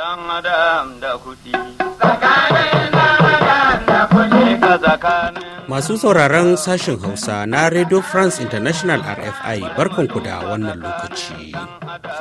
Dan adam da kuɗi. Masu sauraron sashen Hausa na Radio France International RFI barkanku da wannan lokaci.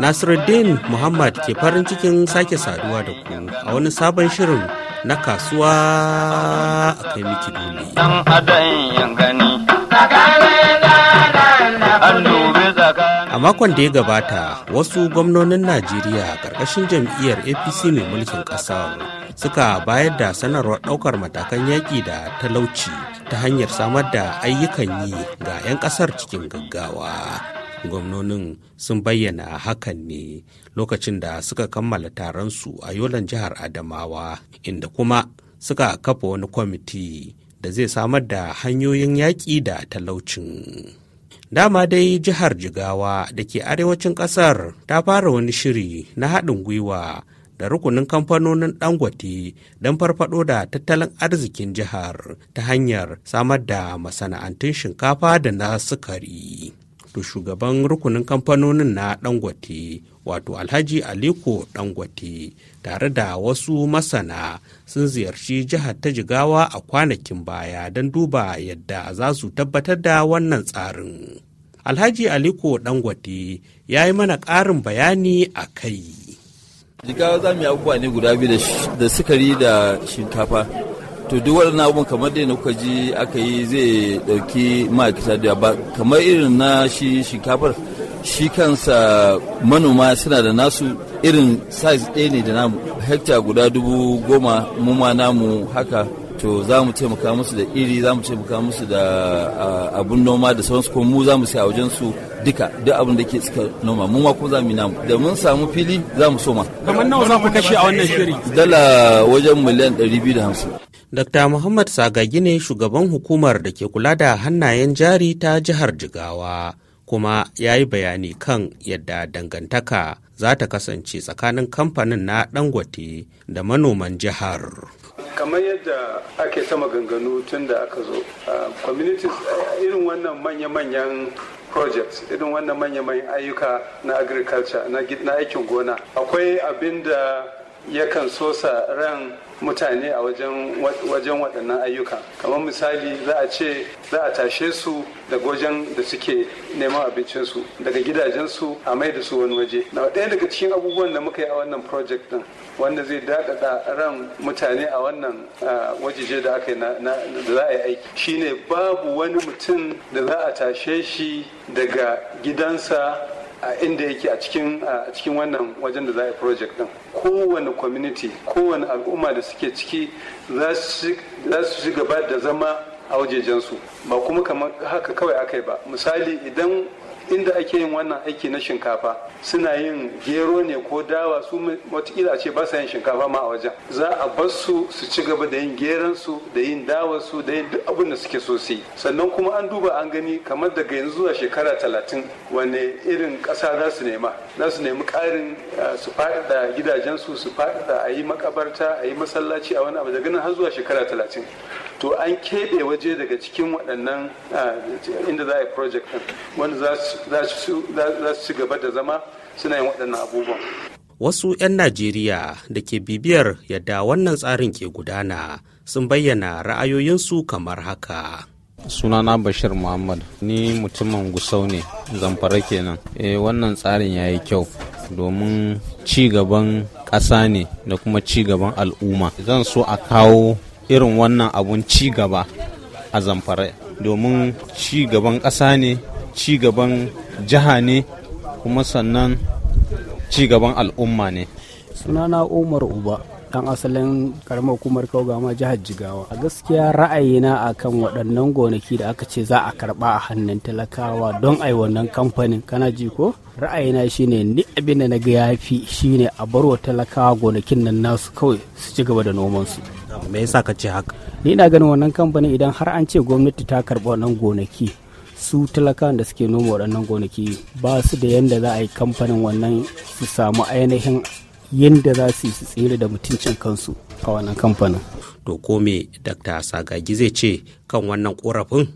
Nasiruddin Muhammad ke farin cikin sake saduwa da ku a wani sabon shirin na kasuwa a kai miki duniya. makon da ya gabata wasu gwamnonin najeriya karkashin jam'iyyar apc mai mulkin kasar suka bayar da sanarwar daukar matakan yaƙi da talauci ta hanyar samar da ayyukan yi ga 'yan kasar cikin gaggawa gwamnonin sun bayyana hakan ne lokacin da suka kammala taron su a yolan jihar adamawa inda kuma suka kafa wani kwamiti da zai samar da hanyoyin yaƙi da talaucin Dama dai jihar Jigawa da ke arewacin kasar ta fara wani shiri na haɗin gwiwa da rukunin kamfanonin Dangote don farfaɗo da tattalin arzikin jihar ta hanyar samar da masana'antun shinkafa da na sukari. To shugaban rukunin kamfanonin na Dangote wato alhaji aliko dangote tare da wasu masana sun ziyarci jihar ta jigawa a kwanakin baya don duba yadda za su tabbatar da wannan tsarin alhaji aliko dangote ya yi mana ƙarin bayani a kai jigawa za mu yi abubuwa ne guda biyu da sukari da shinkafa to duk waɗannan abubuwan kamar da kuka ji aka yi zai ɗauki ma'aikata da ba kamar irin na shi shinkafar shi kansa manoma suna da nasu irin size ɗaya ne da namu hekta guda dubu goma muma namu haka to za mu taimaka musu da iri za mu taimaka musu da abun noma da sauransu ko mu za mu sai a wajen su duka duk abin da ke suka noma mu ma kuma za mu namu da mun samu fili za mu soma kamar nawa za ku kashe a wannan shiri dala wajen miliyan 250 Dr. Muhammad Sagagi ne shugaban hukumar da ke kula da hannayen jari ta jihar Jigawa. kuma ya yi bayani kan yadda dangantaka za ta kasance tsakanin kamfanin na dangote da manoman jihar kamar yadda ake ta maganganu tun da aka zo communities irin wannan manya-manyan projects irin wannan manya-manyan ayyuka na agriculture na aikin gona akwai abin da yakan sosa ran mutane a wajen waɗannan ayyuka kamar misali za a ce za a tashe su da gojen da suke neman abincinsu daga gidajensu a mai da su wani waje na ɗaya daga cikin abubuwan da muka yi a wannan project din wanda zai daɗaɗa ran mutane a wannan wajeje da aka yi da za a yi aiki shine babu wani mutum da za a tashe shi daga gidansa a inda yake a cikin a cikin wannan wajen da za a project din kowane community kowane al'umma da suke ciki za su ci gaba da zama a wajejensu ba kuma kamar haka kawai aka yi ba misali idan inda ake yin wannan aiki na shinkafa suna yin gero ne ko dawa su watakila ce ba sa yin shinkafa ma a wajen za a bar su su ci gaba da yin geron su da yin dawar su da yin duk abin da suke so su sannan kuma an duba an gani kamar daga yanzu zuwa shekara talatin wane irin ƙasa za su nema za su nemi ƙarin su faɗaɗa gidajensu su faɗaɗa a yi makabarta a yi masallaci a wani abu daga nan har zuwa shekara talatin to an keɓe waje daga cikin waɗannan ah, inda za a yi project ɗin wanda za su ci gaba da zama suna yin waɗannan abubuwan wasu 'yan najeriya da ke bibiyar yadda wannan tsarin ke gudana sun bayyana ra'ayoyinsu kamar haka sunana bashir muhammad ni mutumin gusau ne zamfara kenan e wannan tsarin ya yi kyau domin ci gaban ƙasa ne da kuma ci gaban al'umma zan so a kawo irin wannan abun ci gaba a zamfara domin ci gaban ƙasa ne ci gaban jiha ne kuma sannan ci gaban al'umma ne sunana umar uba dan asalin karamar hukumar kaugama jihar jigawa a gaskiya ra'ayina a kan waɗannan gonaki da aka ce za a karɓa a hannun talakawa don ai wannan kamfanin kana ji ko ra'ayina shine ni abin da na ga yafi shine a bar wa talakawa gonakin nan nasu kawai su ci gaba da noman su me yasa ka ce haka ni na ganin wannan kamfanin idan har an ce gwamnati ta karba wannan gonaki su talakawan da suke noma waɗannan gonaki ba su da yadda za a yi kamfanin wannan su samu ainihin yadda za su yi su tsere da mutuncin kansu a wannan kamfanin. To ko me Dr. Sagagi zai ce kan wannan korafin?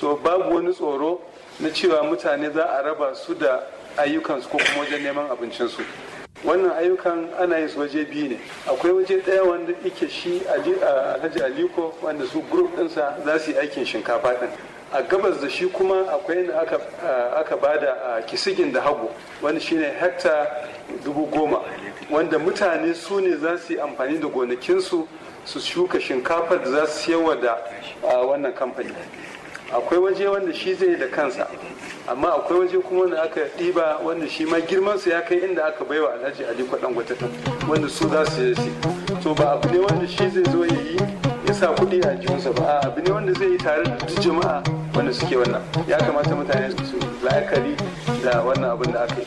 To babu wani tsoro na cewa mutane za a raba su da ayyukansu ko kuma wajen neman abincinsu. Wannan ayyukan ana yin su waje biyu ne. Akwai waje ɗaya wanda ike shi Alhaji Aliko wanda su grup ɗinsa za su yi aikin shinkafa ɗin. a gabas da shi kuma akwai yadda aka ba a kisigin da hagu wanda shine hekta dubu goma wanda mutane su ne za su yi amfani da gonakinsu su shuka shinkafa da za su siyarwa da wannan kamfani akwai waje wanda shi zai da kansa amma akwai waje kuma wanda aka ɗiba wanda shi ma girmansu ya kai inda aka baiwa alhaji ali kwaɗan gwatatan wanda su za su yi to ba abu ne wanda shi zai zo ya yi ya sa kuɗi a jinsa ba abu ne wanda zai yi tare da jama'a wanda suke wannan ya kamata mutane su la'akari da wannan abin da aka yi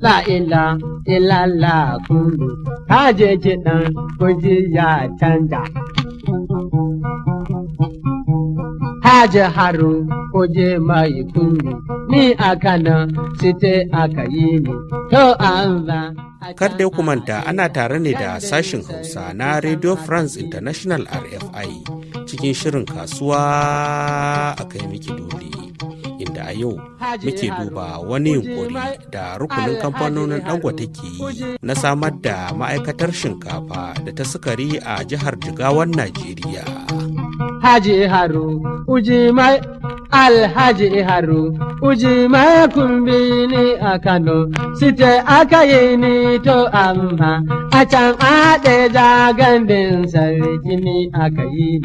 La ila ila la kulu haje kiɗan kunji ya canja. je haru kuje ma kuri ni aka nan site aka yi ni to anza kar dai kumanta ana tare ne da sashin hausa na radio france international rfi cikin shirin kasuwa a kai miki dole inda a yau muke duba wani yunkuri da rukunin kamfanonin dangote ke yi na samar da ma'aikatar shinkafa da ta sukari a jihar jigawan najeriya haji haru uji mai Alhaji Iharu Ujima kumbini a Kano site aka yi ni to amma a can haɗe jagandin sarki ni aka yi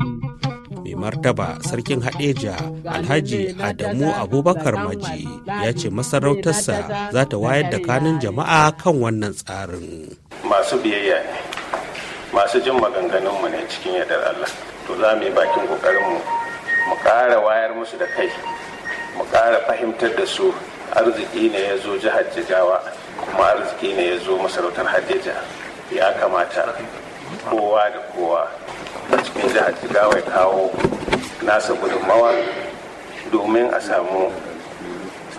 ni. martaba sarkin haɗeja Alhaji Adamu Abubakar Maji ya ce masarautarsa za ta wayar da kanun jama'a kan wannan tsarin. Masu biyayya ne, masu jin maganganunmu ne cikin yadar Allah, to za mu yi bakin ƙoƙarinmu mu ƙara wayar musu da kai mu ƙara fahimtar da su arziki ne ya zo jihar jigawa kuma arziki ne ya zo masarautar hajjeja ya kamata kowa da kowa a cikin jihar jigawa ya kawo nasa gudunmawa domin a samu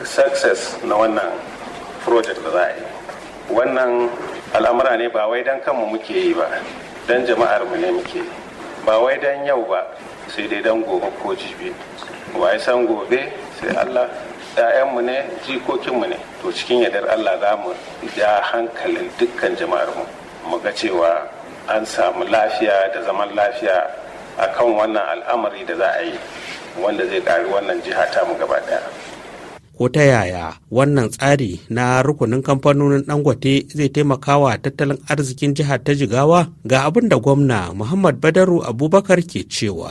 success na wannan project da za a yi wannan al'amura ne ba wai don kanmu muke yi ba don jama'ar mu ne muke ba wai don yau ba sai dai dan gobe ko jibi waye san gobe sai allah mu ne jikokinmu ne to cikin yadar allah za mu ja hankalin dukkan jama'ar mu mu ga cewa an samu lafiya da zaman lafiya akan wannan al'amari da za a yi wanda zai ƙari wannan jiha ta mu gaba ɗaya ko ta yaya wannan tsari na rukunin kamfanonin dangote zai taimaka wa tattalin arzikin jihar ta jigawa ga abin da gwamna muhammad badaru abubakar ke cewa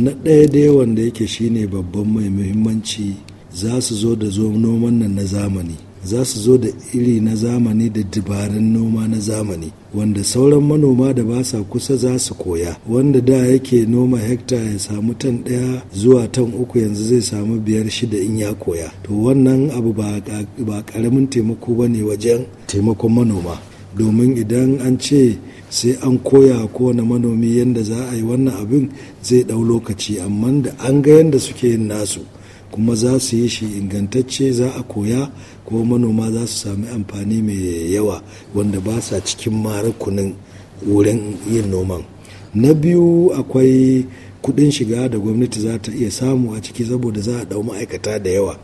na ɗaya dai wanda yake shine babban mai muhimmanci za su zo da zo noman nan na zamani za su zo da iri na zamani da dabarun noma na zamani wanda sauran manoma da ba sa kusa za su koya wanda da yake noma hekta ya samu tan ɗaya zuwa tan uku yanzu zai samu biyar shida in ya koya to wannan abu ba ƙaramin taimako ba ne wajen taimakon manoma domin idan an ce sai an koya kowane manomi yadda za a yi wannan abin zai ɗau lokaci amma da an ga yadda suke yin nasu kuma za su yi shi ingantacce za a koya kuma manoma za su sami amfani mai yawa wanda ba sa cikin marakunan wurin yin noman na biyu akwai kudin shiga da gwamnati za ta iya samu a ciki saboda za a dau ma'aikata da yawa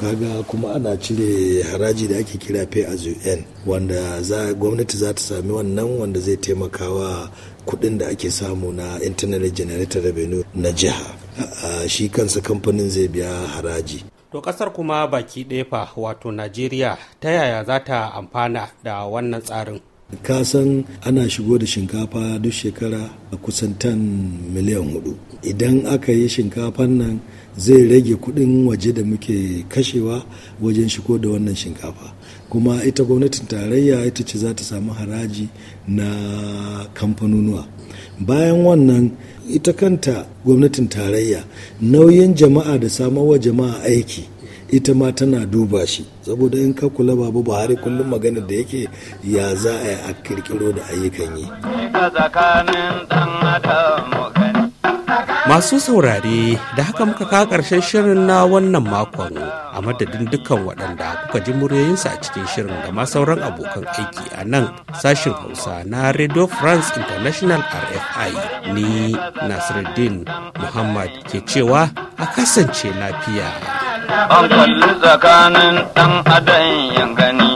kaga kuma ana cire haraji da ake kira pay as you earn wanda za gwamnati za ta sami wannan wanda zai taimakawa kudin da ake samu na internal generator revenue na jiha shi kansa kamfanin zai biya haraji to kasar kuma baki ɗaya fa wato najeriya ta yaya za ta amfana da wannan tsarin kasan ana shigo da shinkafa duk shekara a kusan tan miliyan hudu idan aka yi shinkafan nan zai rage kuɗin waje da muke kashewa wajen shigo da wannan shinkafa kuma ita gwamnatin tarayya ita ce za ta samu haraji na kamfanunuwa. bayan wannan ita kanta gwamnatin tarayya nauyin jama'a da samuwa jama'a aiki ita ma tana duba shi saboda in ka kula babu buhari kullum magana da yake ya za a yi a kirkiro da ayyukan yi Masu saurare da haka muka kawo ƙarshen shirin na wannan makon a madadin dukkan waɗanda kuka ji muryoyinsu a cikin shirin da ma sauran abokan aiki a nan sashin Hausa na Radio France International RFI ni Nasiruddin Muhammad ke cewa a kasance lafiya. An tsakanin ɗan adam yan gani.